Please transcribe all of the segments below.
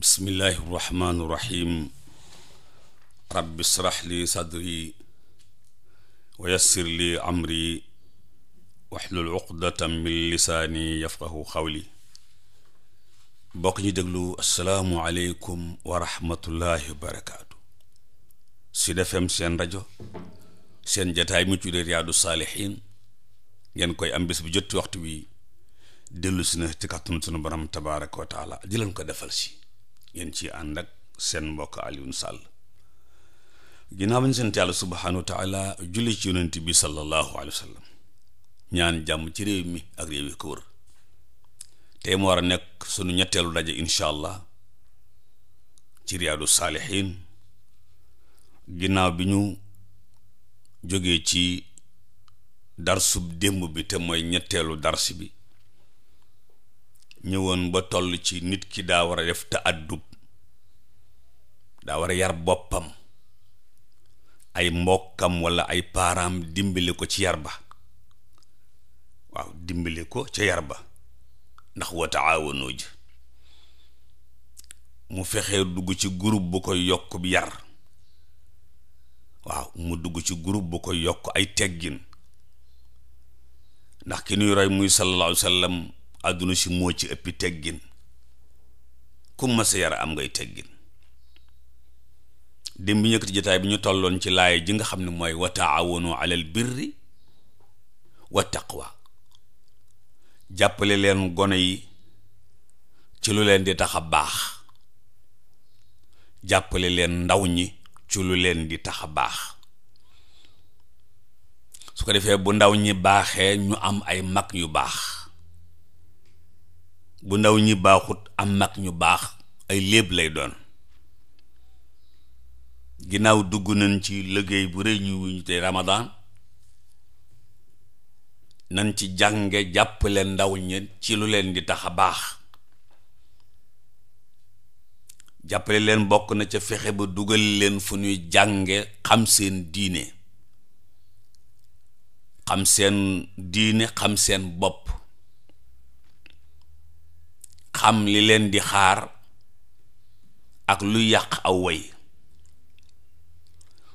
bismillahi irrahmaani irrahim rabbi israh li sadri wa yassir li amri waxlul uqdatan min lisaani yafqahu xawli bokk ñu déglu asalaamu aleykum wa rahmatullahi wa barakaatu seen rajo seen jataay mu tuddee Riyaadu Saalihiin ngeen koy am bés bu jot waxtu wi dellu si na ci kàttanu sunu borom tabaaraka wa taala di leen ko defal si yéen ci ànd ak seen mbokk Alioune Sall ginnaaw bañ seen yàlla subhaanahu wa taala julli ci yonent bi sallallahu alayhi wa ñaan jàmm ci réew mi ak réew yi ko tey mu war a nekk sunu ñetteelu daje incha allah ci riyaadu saalihiin ginnaaw bi ñu jógee ci darsub démb bi te mooy ñetteelu dars bi ñëwoon ba toll ci nit ki daa war a def te addub daa war a yar boppam ay mbokkam walla ay paaraam dimbali ko ci yar ba waaw dimbali ko ca yar ba ndax wa ji mu fexee dugg ci groupe bu koy yokk yar waaw mu dugg ci groupe bu ko yokk ay teggin ndax ki nuy roy muy sallallahu alayhi sallam àdduna si moo ci ëpp teggin ku mas a am ngay teggin démb bi ñëkkati bi ñu tolloon ci laay ji nga xam ne mooy wa taawanu alal birri wa jàppale leen gone yi ci lu leen di tax a baax jàppale leen ndaw ñi ci lu leen di tax a baax su ko defee bu ndaw ñi baaxee ñu am ay mag yu baax bu ndaw ñi baaxut am mag ñu baax ay léeb lay doon ginnaaw dugg nañ ci liggéey bu rëy ñu wuñu tey nañ ci jànge jàppale ndaw ñi ci lu leen di tax a baax jàppale leen bokk na ca fexe ba dugal leen fu ñuy jànge xam seen diine xam seen diine xam seen bopp xam li leen di xaar ak lu yàq aw way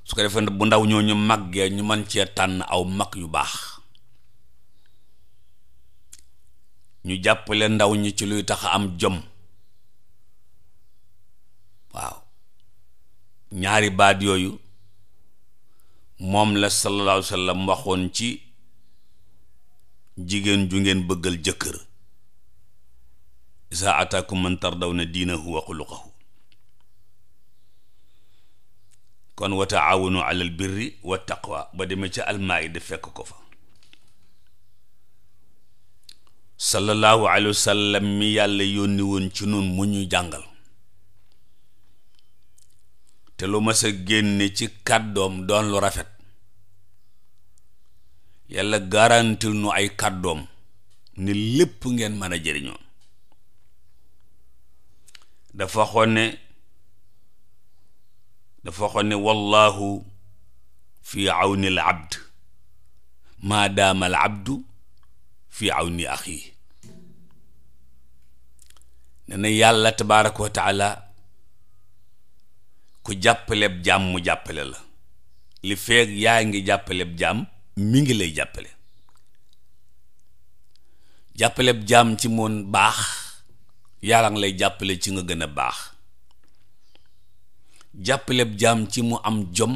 su ko defee bu ndaw ñoo ñu màggee ñu mën cee tànn aw mag yu baax ñu jàppale ndaw ñi ci luy tax am jom waaw ñaari baat yooyu moom la sallallahu alayhi wa waxoon ci jigéen ju ngeen bëggal jëkkër isa ataakum man tardawna diinahu wa xuluqahu kon wa taawanu alal birri wa taqwa ba demee ca almaayida fekk ko fa sallallahu alayhi wa sallam mi yàlla yónni ci nun mu ñu jàngal te lu mas a génne ci kàddoom doon lu rafet yàlla garantil nu ay kàddoom ni lépp ngeen mën a jëriñoo dafa waxoon ne dafa waxoon ne wallahu fi awni al abd maa daama al fi awni axi ne na yàlla tabaaraka wa taala ku jàppaleb jaam mu jàppale la li feeg yaa ngi jàppaleb jaam mi ngi lay jàppale jàppaleb jàmm ci moon baax yàlla lay jàppale ci nga gën a baax jàppaleb jaam ci mu am jom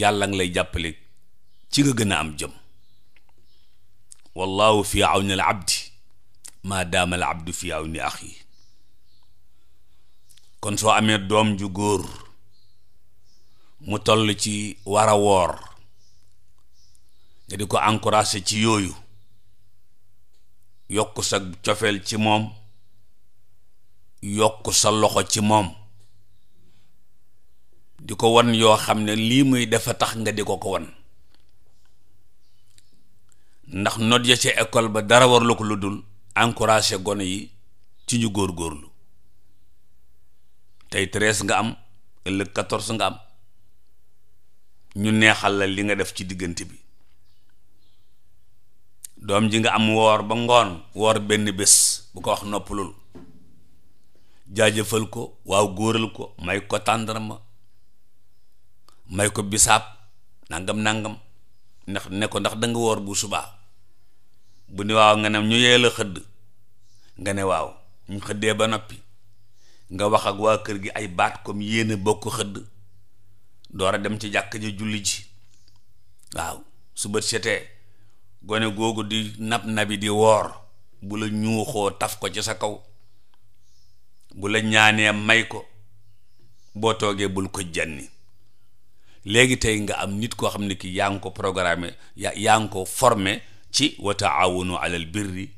yàlla lay jàppale ci nga gën a am jëm wallahu fi awni al abdi maa daama al abdu fi awni axi kon soo amee doom ju góor mu toll ci war a woor nga di ko encouragé ci yooyu yokk sa cofeel ci moom yokk sa loxo ci moom di ko wan yoo xam ne lii muy dafa tax nga di ko ko wan ndax note ya ca école ba dara warlu ko lu dul encouragé gone yi ci ñu góor-góorlu tey tres nga am ëllëg quatorze nga am ñu neexal la li nga def ci diggante bi doom ji nga am woor ba ngoon woor benn bés bu ko wax noppalul jaajëfal ko waaw góoral ko may ko tàndarma may ko bisaab nangam nangam ndax ne ko ndax danga woor bu subaa bu ne waaw nga ne ñu yee la xëdd nga ne waaw ñu xëddee ba noppi nga wax ak waa kër gi ay baat comme yéen a bokk xëdd door a dem ci jàkk ji julli ji waaw su setee gone googu di nab nabi di woor bu la ñuuxoo taf ko ci sa kaw bu la ñaanee may ko boo toogee bul ko janni léegi tey nga am nit koo xam ne ki yaa ngi ko programme yaa yaa ngi ko forme ci wa taawunu alal birri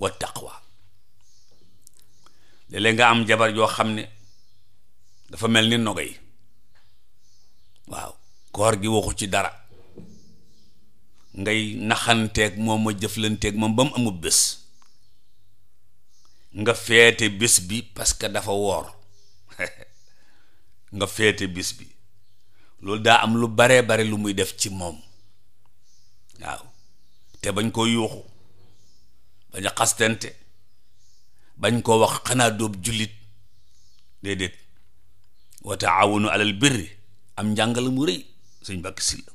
wa taqwa léeg-léeg nga am jabar joo xam ne dafa mel ni nogo yi waaw koor gi waxu ci dara ngay naxanteeg moom ma jëflanteeg moom ba mu amul bés nga feete bés bi parce que dafa woor nga feete bis bi loolu daa am lu baree bare lu muy def ci moom waaw te bañ koo yuuxu bañ a xastante bañ koo wax xanaa doob jullit déedéet wa taawunu alal birri am njàngale mu rëy suñ bàkk si la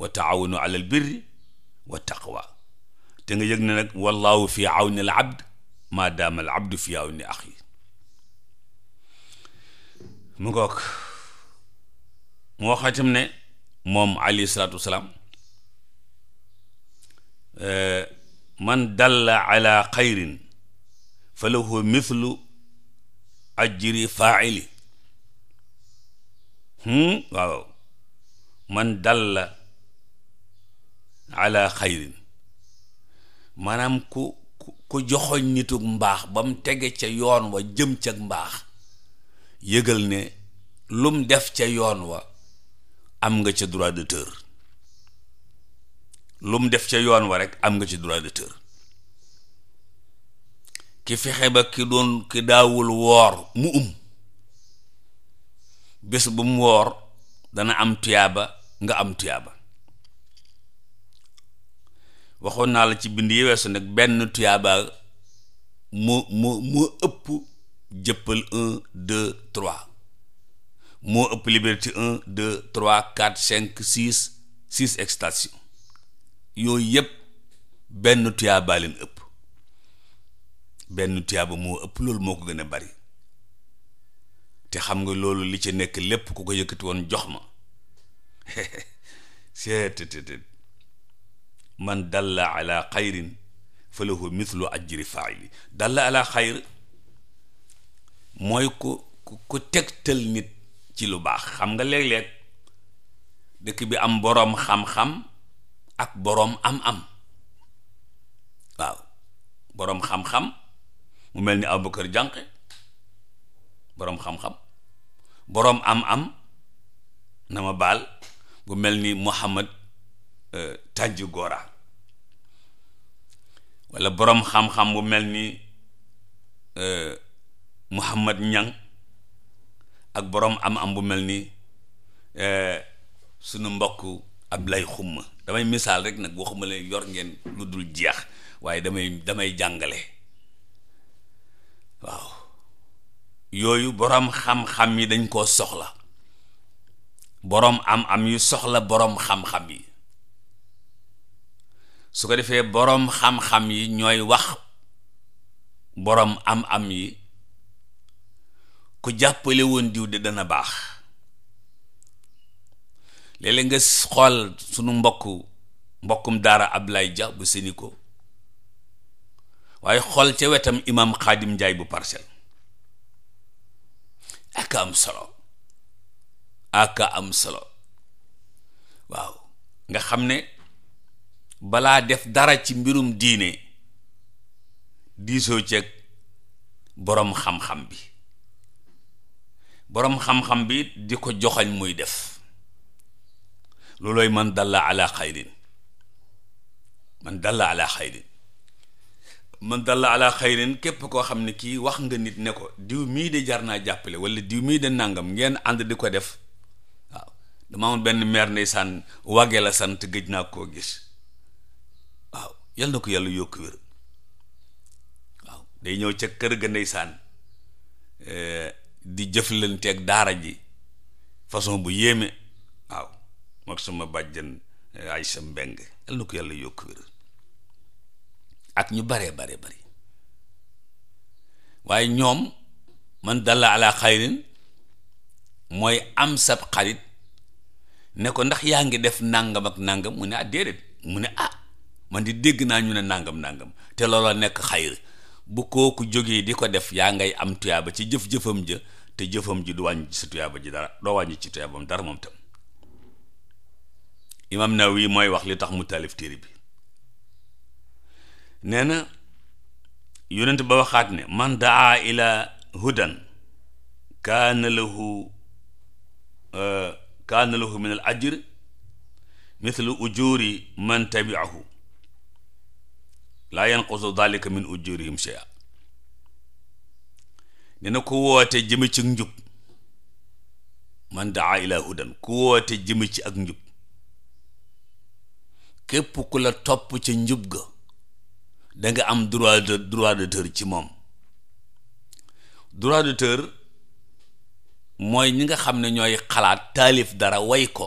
wa alal birri wa te nga yëg ne nag wallahu fi awni al abd maadaamal abdu fi aw ni axi mu ngoog mu wax itam ne moom alayhi salaatu wasalaam eh, man dalla ala xayrin fa lahu mithlu ajri faaili hmm? waaw man dalla ala xayrin maanaam ku ku joxoñ nituk mbaax ba mu tege ca yoon wa jëm ca mbaax yëgal ne lum def ca yoon wa am nga ca droit d'auteur lum def ca yoon wa rek am nga ca droit d'auteur ki fexe ba ki doon ki daawul woor mu um bés bu mu woor dana am tuyaaba nga am tuyaaba waxoon naa la ci bind yi weesu nag benn tuyaaba moo moo mu ëpp jëppal un deux trois moo ëpp liberté un deux trois quatre cinq six six extension yooyu yëpp benn tuyaaba leen ëpp benn tuyaaba moo ëpp loolu moo ko gën a bari te xam nga loolu li ci nekk lépp ku ko yëkkati woon jox ma man dalla ala xayrin fa lahu mithlu ajri faili dalla ala xayr mooy ku ku tegtal nit ci lu baax xam nga léeg-léeg dëkk bi am boroom xam-xam ak boroom am-am waaw boroom xam-xam mu mel ni Abubakar Jànqe boroom xam-xam boroom am-am na ma baal bu mel ni Muhammad euh, Tànji Gora wala boroom xam-xam bu mel ni euh, Muhammad Ñang ak boroom am-am bu mel nii ni euh, sunu mbokk Ablaye Xumma damay misaal rek nag waxuma la yor ngeen lu dul jeex waaye damay damay jàngale waaw yooyu boroom xam-xam yi dañ koo soxla boroom am-am yu soxla boroom xam-xam yi su ko defee boroom xam-xam yi ñooy wax boroom am-am yi ku jàppale woon diw de dana baax léeg-léeg nga xool sunu mbokk mbokkum daara ab lay bu seni ko waaye xool ca wetam imam Xaadim Njaay bu parcelle ak am solo aka am solo waaw nga xam ne balaa def dara ci mbirum diine diisoo ceeg boroom xam-xam bi boroom xam-xam bi di ko joxañ muy def loolooy man dalla ala xayrin man dalla ala xayrin man dalla ala xayrin képp koo xam ne kii wax nga nit ne ko diw mii de jar naa jàppale walla diw mii de nàngam ngeen ànd di ko def waaw dama amoon benn meer ndeysaan wagge la sant gëj naa koo gis yal na ko yàlla yokk wér waaw day ñëw ca kër ga ndeysaan eh, di jëflante ak daara ji façon bu yéeme waaw mook sama bàjjan eh, ay sa mbeng yal na ko yàlla yokk wér ak ñu baree bare bari waaye ñoom man dalla ala xayrin mooy am sab xarit ne ko ndax yaa ngi def nàngam ak nàngam mu ne ah déedéet mu ne ah man di dégg naa ñu ne nangam nangam te loola nekk xayr bu kooku jógee di ko def yaa ngay am tuyaaba ci jëf-jëfam te jëfam ji du wàññi ci sa tuyaaba ji dara doo wàññi ci tuyaabam dara moom tam mooy wax li tax mu taalif nee na yonent ba ne man daa ila hudan kaana lahu kaana ajr mithlu ujuri man tabiahu laa yanqusu dalika min ujurihim shay'a ne na ku woote jëme ci njub man daa ila hudan ku woote ci ak njub képp ku la topp ca njub ga danga am droit de droit ci moom droit d'auteur mooy ñi nga xam ne ñooy xalaat taalif dara way ko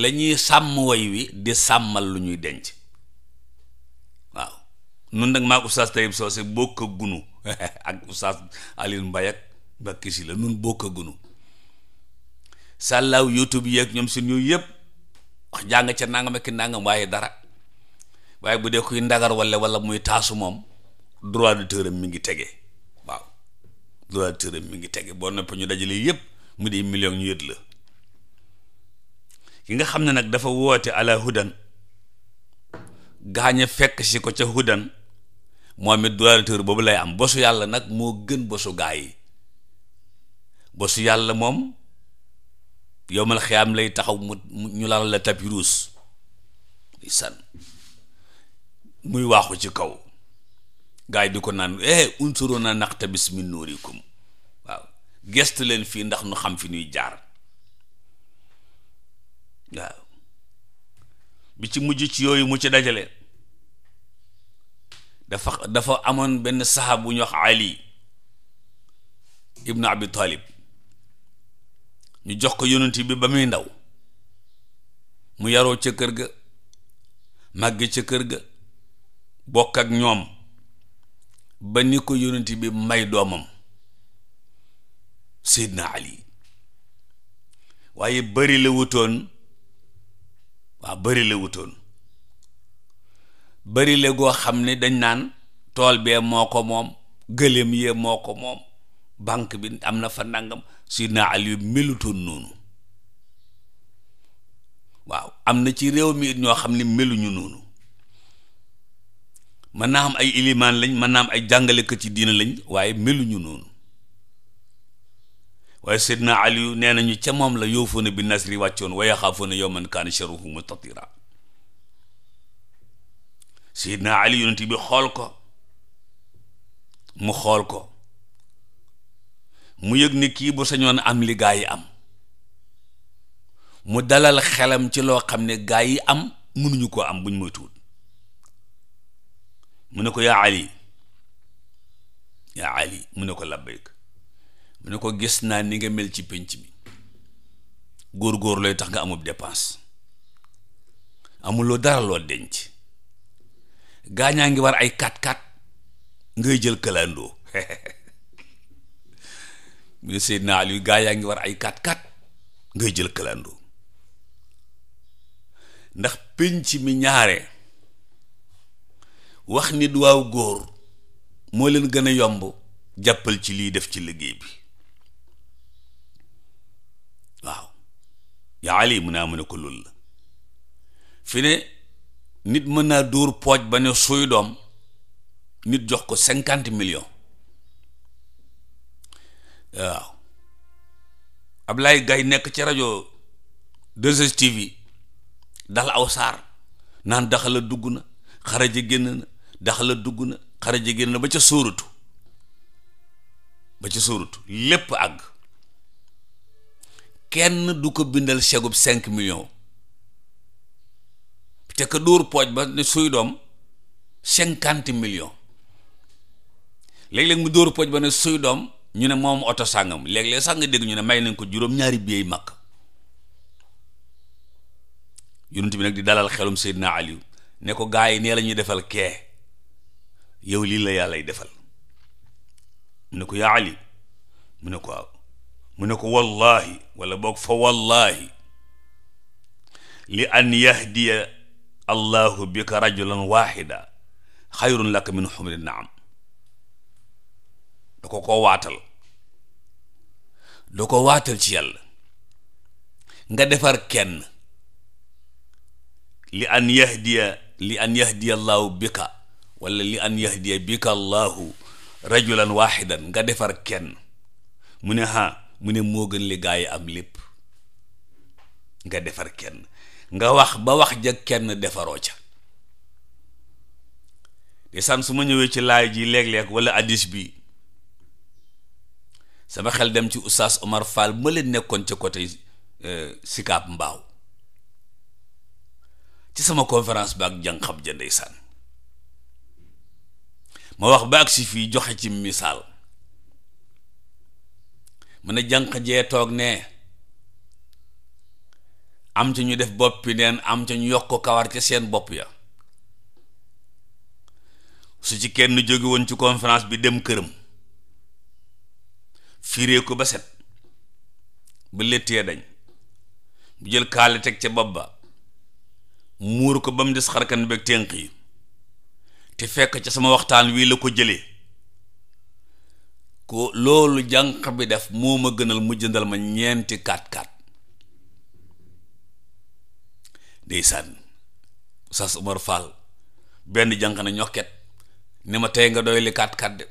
la ñuy sàmm way wi di sàmmal lu ñuy denc nun nag maa oustaz Tayib Socé bokk gunu ak oustaz Alioune Mbaye ak Mbacké Sylla nun bokk gunu sàllaaw youtube yeeg ñoom suñu yëpp jàng ca nangam ak nangam waaye dara waaye bu dee kuy ndagar wala wala muy taasu moom droit d'auteur mi ngi tege waaw droit d'auteur mi ngi tege boo noppee ñu dajale yëpp mu di million ñu yët la ki nga xam ne nag dafa woote ala hudan gaañe fekk si ko ca hudan moom it donateur boobu lay am bosu yàlla nag moo gën bosu gaa bosu yàlla moom yowmal xiyaam lay taxaw mu ñu laal la tapis rouge di muy waaxu ci kaw gaa yi di ko naan eh unsuru na naqtabis min nuurikum waaw gest leen fii ndax nu xam fi ñuy jaar waaw bi ci mujj ci yooyu mu ci dajale dafa dafa amoon benn saxaab bu ñu wax ali ibnu abi ñu jox ko yonent bi ba muy ndaw mu yaroo ca kër ga màgge ca kër ga bokk ak ñoom ba ni ko yonent bi may doomam seydna ali waaye bëri la wutoon waaw bëri la wutoon bari la goo xam ne dañ naan tool bee moo ko moom gëléem yee moo ko moom banque bi am na fa nangam Sidna Ali melutoon noonu waaw am na ci réew mi ñoo xam ne meluñu noonu mën naa am ay ilimaan lañ mën naa am ay jàngalekat ci diina lañ waaye meluñu noonu waaye Sidna Ali nee nañu ca moom la yoofoona bi nasri wàccoon wa yaxaafoona yawman kaana sharruhu mustatira Seydina Ali yonent bi xool ko mu xool ko mu yëg ni kii bu sañoon am li gaa yi am mu dalal xelam ci loo xam ne gaa yi am mënuñu ko am buñ moytuwul mu ne ko yaa Ali yaa Ali mu ne ko labbayk mu ne ko gis naa ni nga mel ci pénc bi góor-góor lay tax nga amul dépense amuloo dara loo denc gaañaa ngi war ay kat-kat ngay jël kalandoo mu ne Seydina Aliou gaañaa ngi war ay kat-kat ngay jël këlandoo ndax penc mi ñaare wax nit waaw góor moo leen gën a yomb jàppal ci lii def ci liggéey bi waaw yaa Ali mu ne amu ko loolu la fi ne nit mën naa dóor pooj ba ne suy doom nit jox ko cinquante million waaw Ablaye Gaye nekk ci rajo 2STV dal aw saar naan daxala dugg na xaraja génn na daxala dugg na xaraja génn na ba ca sóoratu ba ca sóoratu lépp àgg kenn du ko bindal chèque bu cinq millions te ka dóor pooj ba ne suy doom cinquante millions léeg-léeg mu dóor pooj ba ne suy doom ñu ne moom oto sàngam léeg-léeg sax dégg ñu ne may nañ ko juróom-ñaari biey màkk bi nag di dalal xelum Seydina ne ko gaa yi nee lañuy ñuy defal kee yow lii la yàllay defal mu ne ko yaa mu ne ko waaw mu ne fa wallaahi li an yahdiya allahu bika rajulan wahida xayrun laka min xumri naam da ko ko waatal da ko waatal ci yàlla nga defar kenn li an yahdiya li an yahdiya allahu bika wala li an yahdiya bika allahu rajulan wahidan nga defar kenn mu ne ha mu ne moo gën li gaa am lépp nga defar kenn nga wax ba wax ja kenn defaroo ca de san su ma ñëwee ci laay ji léeg-léeg wala addis bi sama xel dem ci oustaz Omar Fall ma leen nekkoon ca côté euh, Sicap Mbao ci sama conférence ba ak jàng xam ja ndeysaan ma wax ba ak si fii joxe ci misaal mu a jànq jee toog ne am ca ñu def boppi neen am ca ñu yokk kawar ca seen bopp ya su ci kenn jóge ci conférence bi dem këram fiiree ko ba set ba léttee dañ bu jël kaale teg ca bopp ba muur ko ba mu des xarkan beeg ténq yi te fekk ca sama waxtaan wii la ko jëlee ko loolu jànq bi def moo ma gënal mu jëndal ma ñeenti kaat kaat ndeysaan sas Umar Fall benn jànq na ñokket ni ma tey nga doy li kat de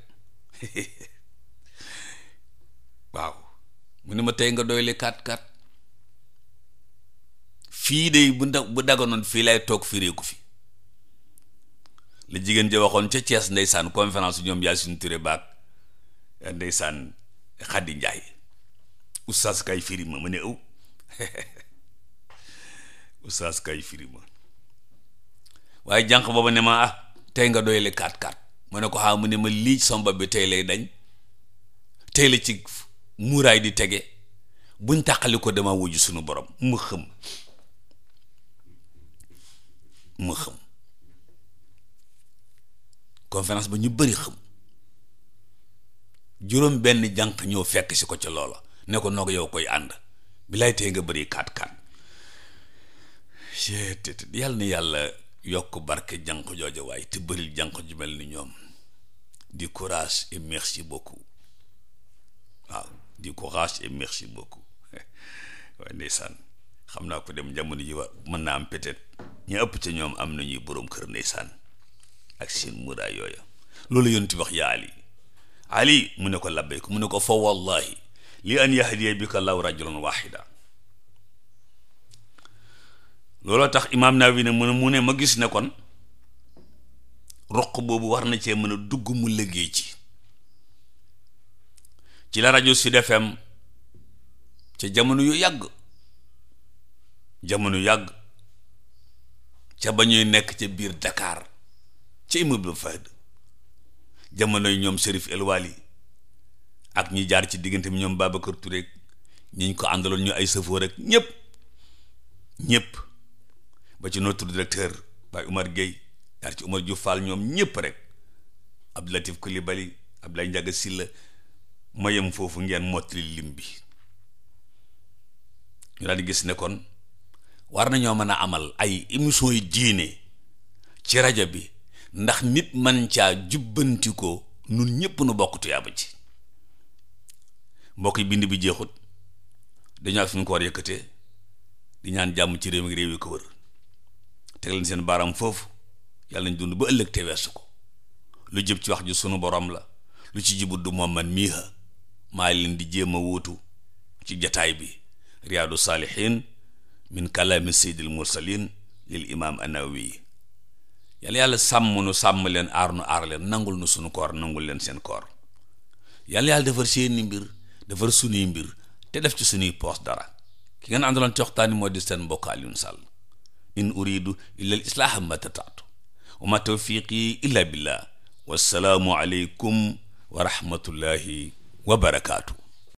waaw mu ni ma tey nga doy li kat fii de bu da bu daganoon fii lay toog firéeku fi la jigéen ja waxoon ca Thiès ndeysaan conférence ñoom Yacine Touré baag ndeysaan Khady Ndiaye oustaz kay firi ma ma ne ëw oustaz kay firi waaye jànq booba ne ma ah tey nga doyle kaat kaat ma ne ko xaa ah, mu ne ma lii somba bi tey lay dañ tey la ci muuraay di tege buñ tàqali ko dama wujj suñu borom mu xëm mu xëm conférence ba ñu bëri xëm juróom benn jànq ñëw fekk si ko ca loola ne ko noog yow koy ànd bi lay tey nga bëri kaat kaat yal na yàlla yokk barke jànq jooja waaye te bëril jànq ju mel ni ñoom di courage et merci beaucoup waaw di courage et merci beaucoup waaye ndeysaan xam naa ko dem jamono ji wa mën naa am peut-être ñu ëpp ca ñoom am ñuy boroom kër ndeysaan ak seen muraay yooya loolu yonti wax yaa ali ali mu ne ko labbay mu ne ko fa wallahi li an yahdiya bika law rajulan wahida looloo tax imaam Nawawi ne mu ne ma gis ne kon roq boobu war na cee mën a dugg mu liggéey ci ci la rajo Sud FM ca jamono yu yàgg jamono yàgg ca ba ñuy nekk ca biir dakaar ca immeuble Fahd jamono yi ñoom Serif El ak ñi jaar ci diggante bi ñoom Babacar Touré ñi ñu ko àndaloon ñu ay sëfoo rek ñépp ñëpp ba ci notre directeur Baye Umar Gueye daal ci Umar Diouf ñoom ñëpp rek Abdou Latif Coulibaly Abdoulaye Ndiaga Sylla ma yem foofu ngeen motti lim bi ñu daal gis ne kon war nañoo mën a amal ay émissions yi diine ci rajo bi ndax nit man caa jubbanti ko nun ñëpp nu bokk tuyaaba ci mbokki bind bi jeexut dañoo ak suñu koor yëkkatee di ñaan jàmm ci réew réew yi ko wër teg leen seen baaram foofu yàlla nañ dund ba ëllëg te weesu ko lu jëb ci wax ji sunu borom la lu ci jibut du moom man mii maa leen di jéem a wuutu ci jataay bi riyaadu saalihin min kalaami seydil mursalin lil imaam anawi yàlla yàlla sàmm nu sàmm leen aar nu aar leen nangul nu sunu koor nangul leen seen koor yàlla yàlla defar seeni mbir defar sunuy mbir te def ci sunuy poos dara ki ngeen àndaloon ci waxtaan moo di seen mbokk Alioune Sall in uridu illa al islaaha ma tataatu wa ma tawfiqi illa billah wassalaamu aleykum wa rahmatullahi wa barakaatu